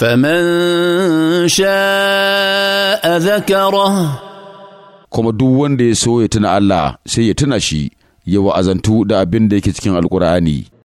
faman sha'a zakara kuma duk wanda ya so ya tuna Allah sai ya tuna shi ya wa'azantu da abin da yake cikin alkur'ani